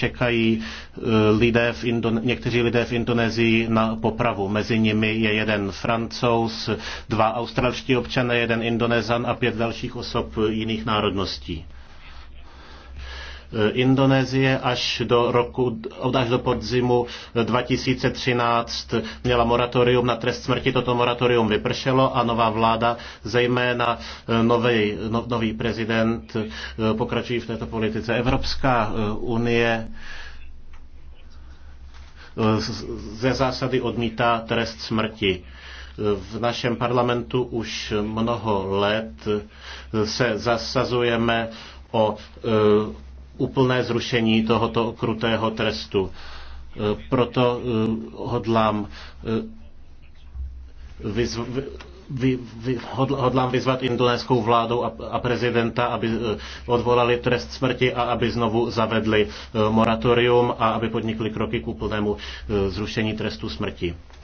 čekají eh, lidé v Indone- někteří lidé v Indonésii na popravu. Mezi nimi je jeden francouz, dva australští občané, jeden indonezan a pět dalších osob jiných národností. Eh, Indonésie až do roku, až do podzimu 2013 měla moratorium na trest smrti. Toto moratorium vypršelo a nová vláda, zejména eh, nový, no, nový prezident, eh, pokračují v této politice. Evropská unie ze zásady odmítá trest smrti. V našem parlamentu už mnoho let se zasazujeme o úplné zrušení tohoto krutého trestu. E, proto e, hodlám e, vyzv, vy, vy, hodlám vyzvat indonéskou vládu a prezidenta, aby odvolali trest smrti a aby znovu zavedli moratorium a aby podnikli kroky k úplnému zrušení trestu smrti.